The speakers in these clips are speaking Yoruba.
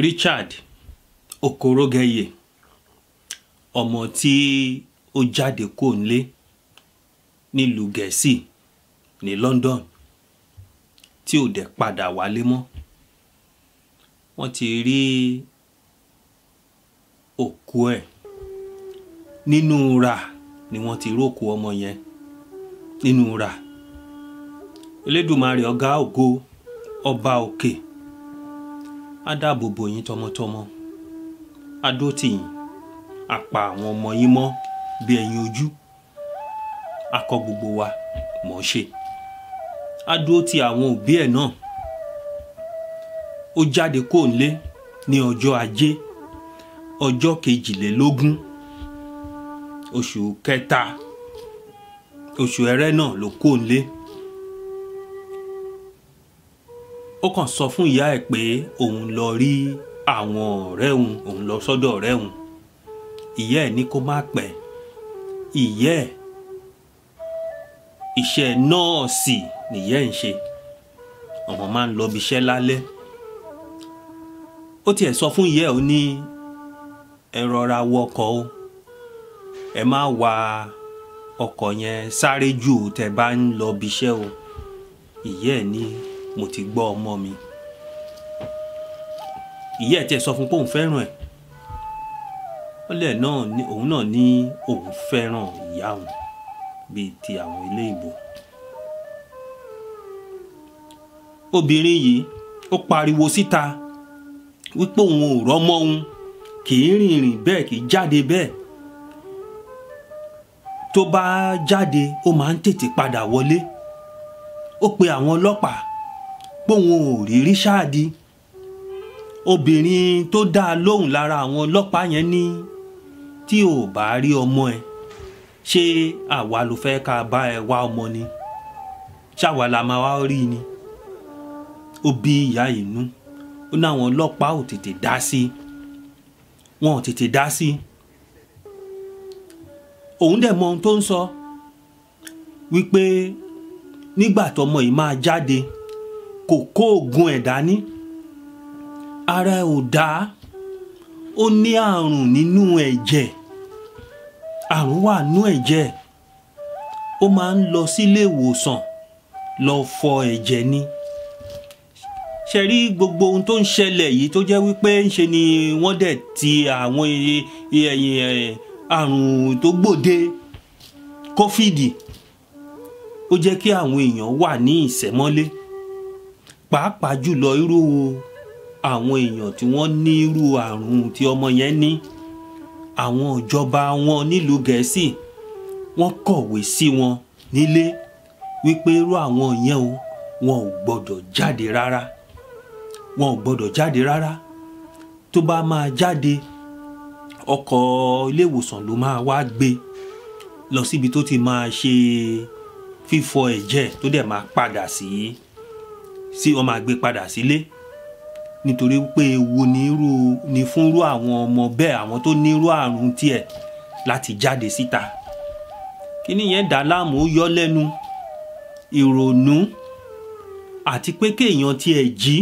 Richard Okorogeye ọmọ tí ó jáde kó nílé nílùú Gẹ̀ẹ́sì ní London tí ò dẹ̀ padà wálé mọ́ wọ́n ti rí òkú ẹ̀ nínú rà ni wọ́n ti rókò ọmọ yẹn nínú rà Elédùmarè ọ̀gá ògo ọba òkè. Okay á dáàbò bò yín tọmọtọmọ á dó tì yín á pa àwọn ọmọ yín mọ́ bí ẹyin ojú á kọ́ gbogbo wa mọ̀ ṣe á dó tì àwọn òbí ẹ̀ náà ó jáde kó nlé ní ọjọ́ ajé ọjọ́ kejìlélógún oṣù kẹta oṣù ẹrẹ́ náà ló kó nlé. ó kàn sọ fún ìyá ẹ̀ pé òun lọ rí àwọn ọ̀rẹ́ òun òun lọ sọ́dọ̀ ọ̀rẹ́ òun ìyá ẹ̀ ní kó má pẹ́ ìyá ẹ̀ iṣẹ́ nọ́ọ̀sì nìyá ẹ̀ ń ṣe ọmọ máa ń lọ bí iṣẹ́ lálẹ́ ó tiẹ̀ sọ fún ìyá ẹ̀ ó ní ẹ rọra wọkọ̀ o ẹ má wa ọkọ̀ yẹn sáré jù tẹ́ bá ń lọ bí o ìyá ẹ̀ ní mo ti gbọ́ ọmọ mi ìyá ẹ̀ tiẹ̀ sọ fún pé òun fẹ́ràn ẹ̀ ọlẹ́ náà ni òun náà ní òun fẹ́ràn ìyá òun bíi ti àwọn ilé ìbò obìnrin yìí ó pariwo síta wípé òun ò rọ́mọ òun kì í rìnrìn bẹ́ẹ̀ kì í jáde bẹ́ẹ̀ tó bá jáde ó máa ń tètè padà wọlé ó pe àwọn ọlọ́pàá póun ò rí Richard obìnrin tó dá a lóhùn lára àwọn ọlọ́pàá yẹn ní tí ò bá rí ọmọ ẹ ṣé àwa ló fẹ́ ká bá ẹ wá ọmọ ni ṣáwa la máa wá rí ni ó bí ìyá inú ó náwọn ọlọ́pàá ò tètè dá sí wọn ò tètè dá sí òun dẹ̀ mọ ohun tó ń sọ wípé nígbà tọmọ yìí máa jáde kò kó oògùn ẹ̀ dání ara ẹ̀ ò dáa ó ní àrùn nínú ẹ̀jẹ̀ àrùn wà nínú ẹ̀jẹ̀ ó máa ń lọ sílé ìwòsàn lọ fọ ẹ̀jẹ̀ ni ṣe rí gbogbo ohun tó ń ṣẹlẹ̀ yìí tó jẹ́ wípé ńṣe ni wọ́n dẹ̀ ti àwọn eh, àrùn tó gbòde kófìdì ó jẹ́ kí àwọn èèyàn wà ní ìṣẹ̀mọ́lé pàápàá jùlọ irú àwọn èèyàn tí wọ́n ní irú àrùn tí ọmọ yẹn ní àwọn ìjọba wọn nílùú gẹ̀ẹ́sì wọ́n kọ̀wé sí wọn nílé wípé irú àwọn yẹn o wọn ò gbọ́dọ̀ jáde rárá wọn ò gbọ́dọ̀ jáde rárá tó bá máa jáde ọkọ̀ ilé ló máa wá gbé lọ síbi tó ti máa ṣe fífọ ẹ̀jẹ̀ tó dẹ̀ máa padà sí sí wọ́n máa gbé padà sílé nítorí pé ewu nírú ni fúnrú àwọn ọmọ bẹ́ẹ̀ àwọn tó nírú àrùn tiẹ̀ láti jáde síta kíní yẹn dá láàmú yọ lẹ́nu ìrònú àti pé kéèyàn tiẹ̀ jí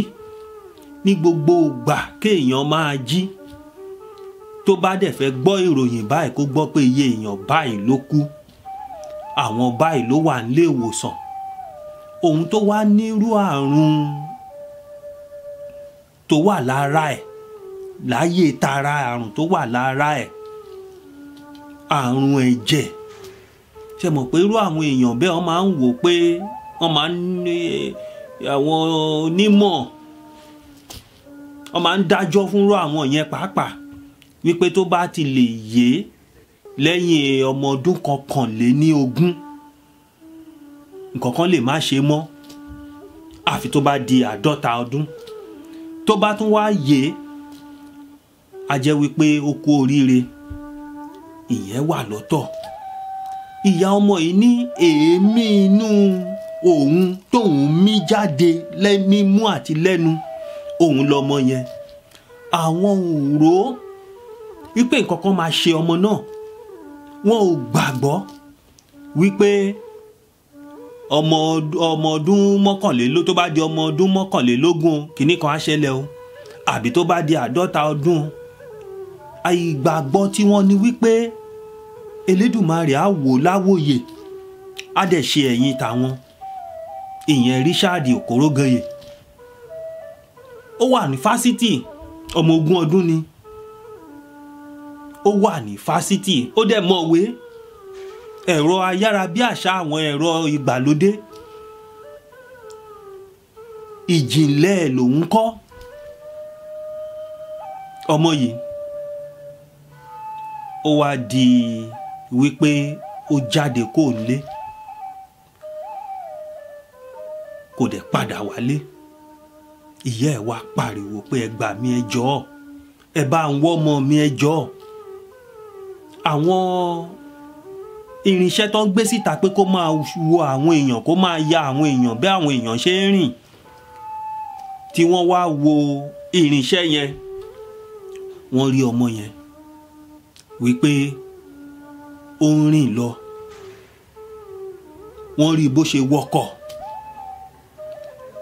ní gbogbo ìgbà kéèyàn máa jí tó bá dẹ̀ fẹ́ gbọ́ ìròyìn báyìí kó gbọ́ pé iye èèyàn báyìí ló kú àwọn báyìí ló wà nílé ìwòsàn òun tó wá nírú àrùn tó wà lára ẹ̀ láyé tara àrùn tó wà lára ẹ̀ àrùn ẹ̀jẹ̀ ṣe mọ̀ pé irú àwọn èèyàn bẹ́ẹ̀ wọ́n máa ń wò pé wọ́n máa ń ní eh, àwọn onímọ̀ wọ́n máa ń dájọ́ fúnrú àwọn yẹn pàápàá wípé tó bá ti lè yé lẹ́yìn ọmọ ọdún kọkànléní ogún nǹkan kan lè má ṣe mọ́ àfi tó bá di àádọ́ta ọdún tó bá tún wá yé a jẹ́ wípé ó kú oríire ìyẹn wà lọ́tọ̀ ìyá ọmọ yìí ní èémí inú òun tóun mí jáde mímú àti lẹ́nu òun lọmọ yẹn àwọn òró wípé nǹkan kan máa ṣe ọmọ náà wọn ò gbàgbọ́ wípé ọmọ ọmọ ọdún mọ́kànléló tó bá di ọmọ ọdún mọ́kànlélógún kìíní kan á ṣẹlẹ̀ o àbí tó bá di àádọ́ta ọdún ìgbàgbọ́ tí wọ́n ní wípé Elédùmarè á wò láwòye á dẹ̀ ṣe ẹ̀yìn tàwọn ìyẹn Richard Okorogheye ó wà ní fásitì ọmọ ogún ọdún ni ó wà ní fásitì ó dẹ̀ mọ̀wé ẹ̀rọ ayárabíàṣá àwọn ẹ̀rọ ìgbàlódé ìjìnlẹ̀ lòun kọ́ ọmọ yìí ó wá di wípé ó jáde kó lé kò dẹ̀ padà wálé ìyá ẹ̀ wá pariwo pé ẹ gbà mí ẹ ẹ bá ń wọ́ ọmọ mi ẹ àwọn irinṣẹ́ tó ń gbé síta pé kó máa wo àwọn èèyàn kó máa ya àwọn èèyàn bí àwọn èèyàn ṣe ń rìn tí wọ́n wá wo irinṣẹ́ yẹn wọ́n rí ọmọ yẹn wípé ó ń rìn lọ wọ́n rí bó ṣe wọkọ̀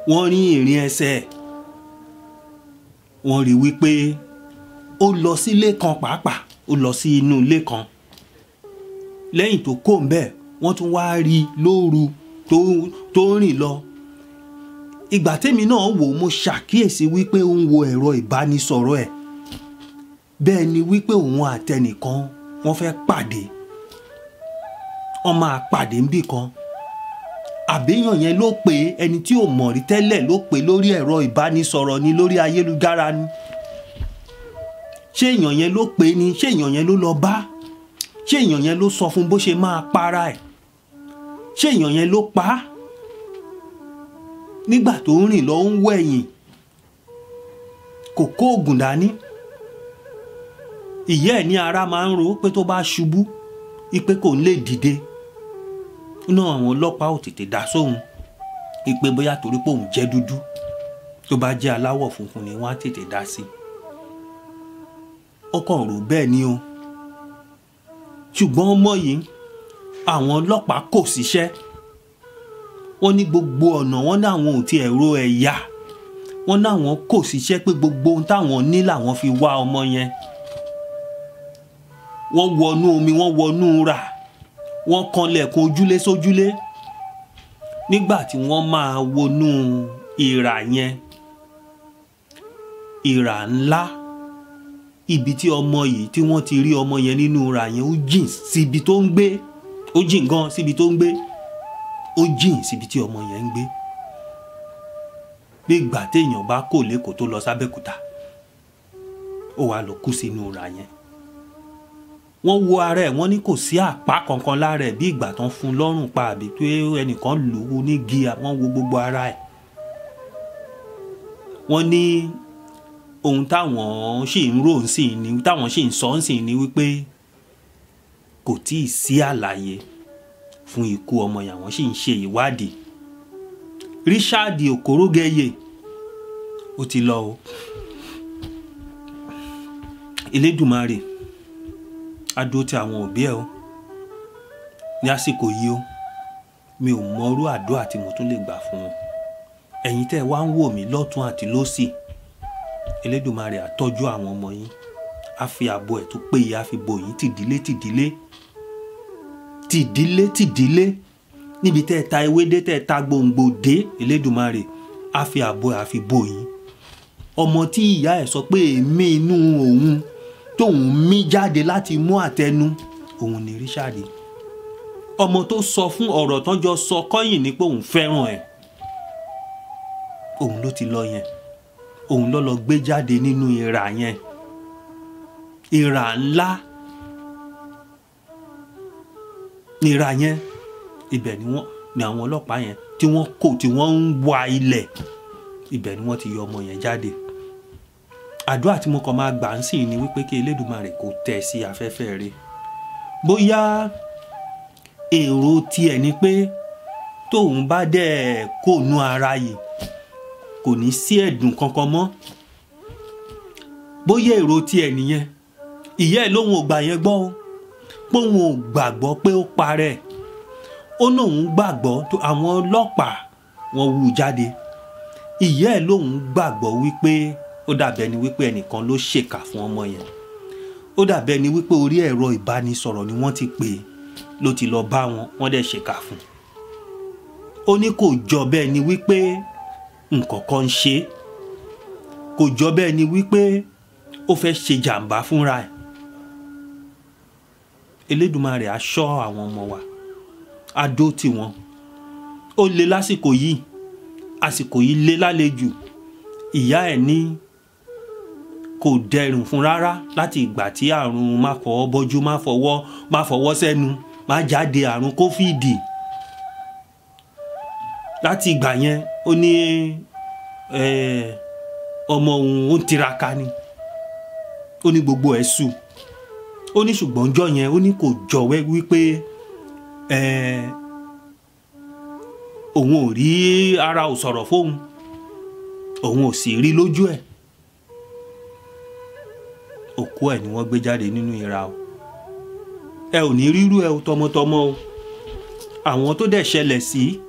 wọ́n rí ìrìn ẹsẹ̀ wọ́n rí wípé ó lọ sílé kan pàápàá ó lọ sí inú ilé kan lẹ́yìn tó kó ńbẹ̀ wọ́n tún wá rí i lóru tó ń rìn lọ ìgbà tèmi náà wò mo ṣàkíyèsí wípé ó ń wo ẹ̀rọ ìbánisọ̀rọ̀ ẹ̀ bẹ́ẹ̀ ni wípé òun àtẹnìkan wọ́n fẹ́ pàdé wọ́n máa pàdé níbì kan àbẹ́yàn yẹn ló pé ẹni tí ò mọ̀ rí tẹ́lẹ̀ ló pé lórí ẹ̀rọ ìbánisọ̀rọ̀ ni lórí ayélujára ni ṣé èèyàn yẹn ló pé ni ṣé èèyàn yẹn ló lọ bá ṣé èèyàn yẹn ló sọ fún bó ṣe máa para ẹ̀ ṣé èèyàn yẹn ló pa á nígbà tó ń rìn lọ ń wẹ̀yìn kò kó oògùn dání ìyá ẹ̀ ní ara máa ń ro pé tó bá ṣubú ipe kò ń lè dìde inú àwọn ọlọ́pàá ò tètè dá sóhun ipe bóyá torí pé òun jẹ́ dúdú tó bá jẹ́ aláwọ̀ funfun ni wọ́n á tètè dá sí ọkọ̀ rò bẹ́ẹ̀ ni o ṣùgbọ́n ọmọ yìí àwọn ọlọ́pàá kò síṣẹ́ wọ́n ní gbogbo ọ̀nà wọ́n láwọn ò tiẹ̀ ro ẹ̀yà wọ́n láwọn kò síṣẹ́ pé gbogbo ohun táwọn ní làwọn fi wá ọmọ yẹn wọ́n wọnú omi wọ́n wọnú rà wọ́n kanlẹ̀kùn ojúlé sójúlé nígbà tí wọ́n máa wọnú ìrà yẹn ìrà ńlá ibi tí ọmọ yìí tí wọ́n ti rí ọmọ yẹn nínú ra yẹn ó jìn síbi tó ń gbé ó jìn gan síbi tó ń gbé ó jìn síbi tí ọmọ yẹn ń gbé bí ìgbà téèyàn bá kò lẹ́kọ̀ọ́ tó lọ sábẹ́kúta ó wàá lọ kú sínú ra yẹn wọ́n wo ara ẹ̀ wọ́n ní kò sí àpá kankan lára ẹ̀ bí ìgbà tán fún lọ́rùn pa àbí pé ẹnìkan lù ú ní gíga wọ́n wo gbogbo ara ẹ̀ wọ́n ní. Ni ohun táwọn ṣì ń rò sí ni táwọn ṣì ń sọ sí ni wípé kò tí ì sí àlàyé fún ikú ọmọ yẹn àwọn ń ṣe ìwádìí Richard Okorogeye ó ti lọ o Elédùmarè á dúró ti àwọn òbí ẹ o ní àsìkò yìí o mi ò mọrú àdúrà tí mo tún lè gbà fún wọn ẹ̀yin tẹ́ wá ń wò mí lọ́tún àti lósì. Si elédùnmarè àtọ́jú àwọn ọmọ yín á fi ààbò ẹ̀ tó péye á fi bò yín tìdílé tìdílé tìdílé tìdílé níbi tẹ́ ẹ ta ewédé tẹ́ ẹ ta gbòǹgbò dé elédùnmarè á fi ààbò ẹ̀ á fi bò yín ọmọ tí ìyá ẹ̀ sọ pé èémí inú òun tóun mí jáde láti mú àtẹnu òun ni Richard ọmọ tó sọ fún ọ̀rọ̀ tán jọ sọ kọ́yìn ni pé òun fẹ́ràn ẹ̀ òun ló ti lọ yẹn òun ló lọ gbé jáde nínú ìrà yẹn ìrà ńlá ìrà yẹn ibẹ̀ ni wọ́n ni àwọn ọlọ́pàá yẹn tí wọ́n kò tí wọ́n ń wa ilẹ̀ ibẹ̀ ni wọ́n ti yọ ọmọ yẹn jáde àdúrà tí mo kàn máa gbà ń sìn ni wípé kí Elédùmarè kó tẹ̀ sí afẹ́fẹ́ rẹ̀ bóyá èrò tiẹ̀ ni pé tóun bá dẹ̀ kóònú ara yìí kò ní sí ẹ̀dùn kankan mọ́ bóyá èrò tiẹ̀ nìyẹn ìyá ẹ̀ lóun ò gbà yẹn gbọ́ póun ò gbàgbọ́ pé ó parẹ́ ó lóun gbàgbọ́ tó àwọn ọlọ́pàá wọn wú jáde ìyá ẹ̀ lóun gbàgbọ́ wípé ó dàbẹ̀ ni wípé ẹnìkan ló ṣèkà fún ọmọ yẹn ó dàbẹ̀ ni wípé orí ẹ̀rọ ìbánisọ̀rọ̀ ni wọ́n ti pè é ló ti lọ bá wọn wọ́n dẹ̀ ṣèkà fún un ó ní kò jọ bẹ́ẹ̀ ni wípé nǹkan kan ń ṣe kò jọ bẹ́ẹ̀ ni wípé ó fẹ́ ṣe jàǹbá fúnra ẹ̀ Elédùmarè á ṣọ́ àwọn ọmọ wa á dó tiwọn ó le lásìkò yìí àsìkò yìí le lálejò ìyá ẹ̀ ní kò dẹrùn fún rárá láti ìgbà tí àrùn má fọwọ́ bọ́jú má fọwọ́ má fọwọ́ sẹ́nu má jáde àrùn kófíìdì láti ìgbà yẹn ó ní ọmọ òun ó ń tiraka ni ó ní gbogbo ẹ̀ sù ó ní ṣùgbọ́n ọjọ́ yẹn ó ní kò jọ̀wẹ́ wípé òun ò rí ara ò sọ̀rọ̀ fóun òun ò sì rí lójú ẹ̀ òkú ẹ̀ ni wọ́n gbé jáde nínú ìra o ẹ ò ní rírú ẹ o tọmọtọmọ o àwọn tó dẹ̀ ṣẹlẹ̀ sí. Si,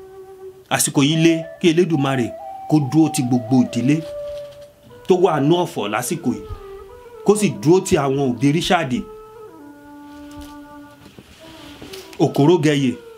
àsìkò yìí lé kí Elédùmarè kó dúró ti gbogbo ìdílé tó wà nú ọ̀fọ̀ lásìkò yìí kó sì dúró ti àwọn òbí Richard Okorogheye